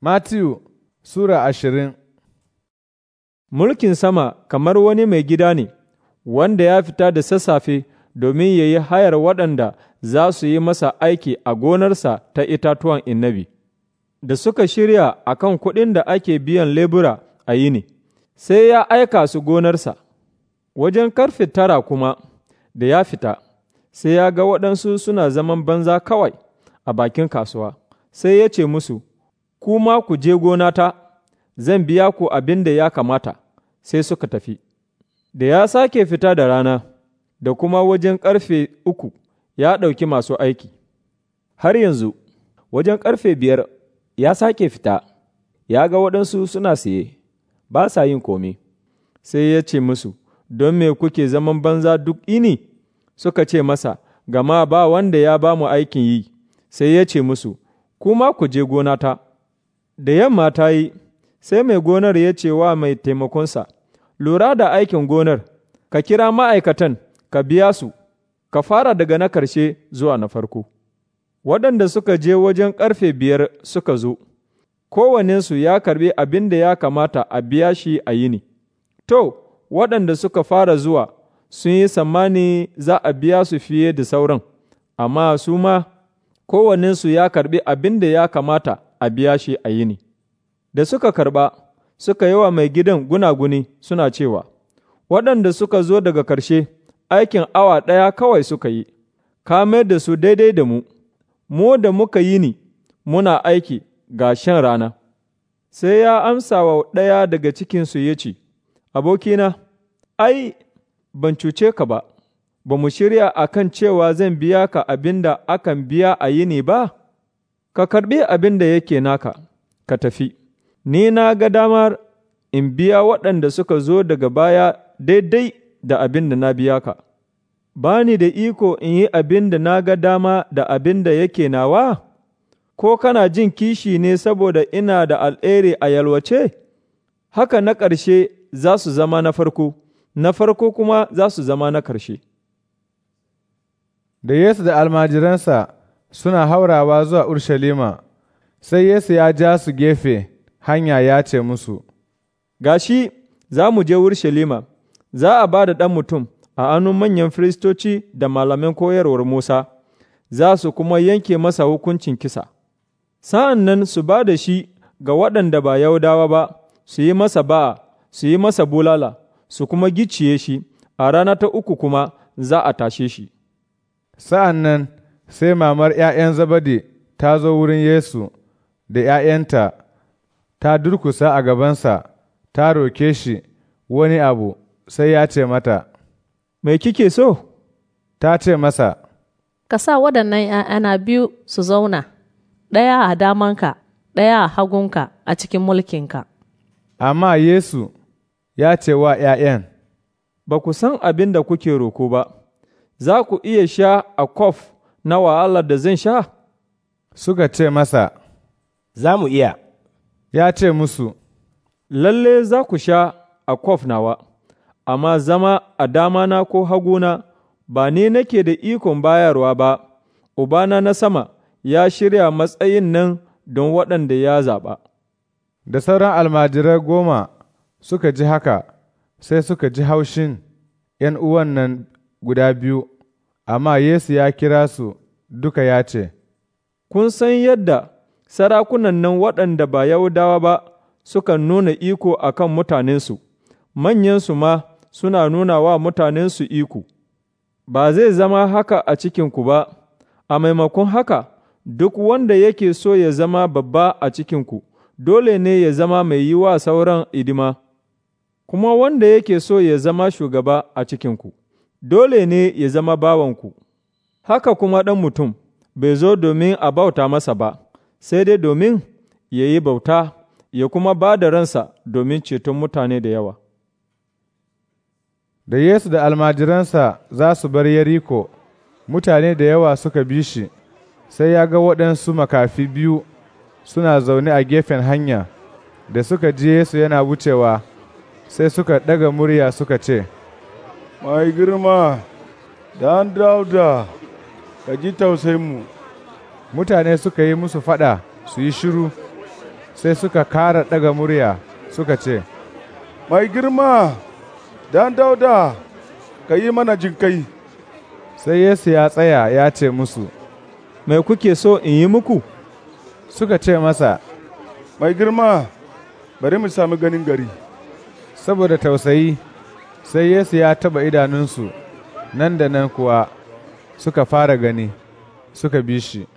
Matiyu Sura ashirin Mulkin sama kamar wani mai gida ne, wanda ya fita da sassafe domin ya yi hayar waɗanda za su yi masa aiki a gonarsa ta itatuwan inabi, da suka shirya a kan kuɗin da ake biyan lebura a yini, sai ya aika su gonarsa. Wajen karfe tara kuma da ya fita, sai ya ga waɗansu suna zaman banza kawai a bakin kasuwa, sai ya ce musu, ku ma ku je gonata, zan biya ku abin da ya kamata, sai suka tafi. Da ya sake fita da rana, da kuma wajen ƙarfe uku ya ɗauki masu aiki. Har yanzu, wajen ƙarfe biyar ya sake fita, ya ga waɗansu suna siye, ba sa yin komi. Sai ya ce musu, Don me kuke zaman banza duk ini? Suka ce masa, Gama ba wanda ya ba mu aikin yi, sai ya ce musu, Kuma ku je gonata. Da yamma ta yi, sai mai gonar ya ce wa mai taimakonsa, Lura da aikin gonar, ka kira ma'aikatan, ka biya su, ka fara daga na ƙarshe zuwa na farko. Waɗanda suka je wajen ƙarfe biyar suka zo, kowanensu ya karbi abin da ya kamata a biya shi a yini. To, waɗanda suka fara zuwa sun yi tsammani za a biya su fiye da sauran, amma su ma kowanensu ya karbi abin da ya kamata a biya shi a yini. Da suka karɓa, suka yi wa mai gidan gunaguni suna cewa, Waɗanda suka zo daga ƙarshe, aikin awa ɗaya kawai suka yi, ka mayar da su daidai da mu, mu da muka yi ni, muna aiki ga shan rana. Sai ya amsa wa ɗaya daga cikinsu ya ce, Abokina, ai, ban cuce ka ba, ba mu shirya a kan cewa zan biya ka abin da akan biya a yini ba?’ ka karɓi abin da yake naka, ka tafi, ni na ga damar in biya waɗanda suka zo daga baya daidai da abin da na biya ka, ba ni da iko in yi abin da na ga dama da abin da yake nawa? Ko kana jin kishi ne saboda ina da al'ere a yalwace? Haka na ƙarshe za su zama na farko, na farko kuma za su zama na ƙarshe. Da Yesu da almajiransa suna haurawa zuwa Urshalima, sai Yesu ya ja su gefe hanya ya ce musu, Gashi za mu je Urshalima, za a ba da ɗan mutum a anun manyan firistoci da malaman koyarwar Musa, za su kuma yanke masa hukuncin kisa. Sa'an nan su ba da shi ga waɗanda ba yaudawa ba, su yi masa ba'a, su yi masa bulala, su kuma gicciye shi, a rana ta uku kuma za a tashe shi. Sa'an nan sai mamar ’ya'yan Zabadi ta zo wurin Yesu da ’ya'yanta, ta durkusa a gabansa, ta roke shi wani abu, sai ya ce mata, Mai kike so? Ta ce masa, Ka sa waɗannan ’ya'yana biyu su zauna, ɗaya a damanka, ɗaya a hagunka a cikin mulkinka. Amma Yesu ya ce wa ’ya'yan, Ba ku san abin da kuke roko ba, za ku iya sha a kof na wahalar da zan sha? Suka ce masa, Za mu iya. Ya ce musu, Lalle za ku sha a kwaf nawa, amma zama a damana ko haguna ba ne nake da ikon bayarwa ba, Ubana na sama ya shirya matsayin nan don waɗanda ya zaɓa. Da sauran almajirai goma suka ji haka, sai suka ji haushin ’yan uwan nan guda biyu. amma Yesu ya kira su duka ya ce, Kun san yadda sarakunan nan waɗanda ba Yahudawa ba sukan nuna iko a kan mutanensu, manyansu ma suna nuna wa mutanensu iko, ba zai zama haka a cikinku ba, a maimakon haka duk wanda yake so ya zama babba a cikinku, dole ne ya zama mai yi wa sauran idima, kuma wanda yake so ya zama shugaba a cikinku. dole ne ya zama bawanku, haka kuma ɗan mutum bai zo domin a bauta masa ba, sai dai domin ya yi bauta ya kuma ba da ransa domin ceton mutane da yawa. Da Yesu da almajiransa za su bar yariko mutane da yawa suka bi shi, sai ya ga waɗansu makafi biyu suna zaune a gefen hanya, da suka ji Yesu yana wucewa, sai suka ɗaga murya suka ce, mai girma dan dauda ka ji tausayinmu mutane suka yi musu fada su yi shiru sai suka kara daga murya suka ce mai girma dan dauda ka yi mana jinkai sai yesu ya tsaya ya ce musu mai kuke so in yi muku suka ce masa mai girma bari mu sami ganin gari saboda tausayi sai Yesu ya taɓa idanunsu, nan da nan kuwa suka fara gani, suka bi shi.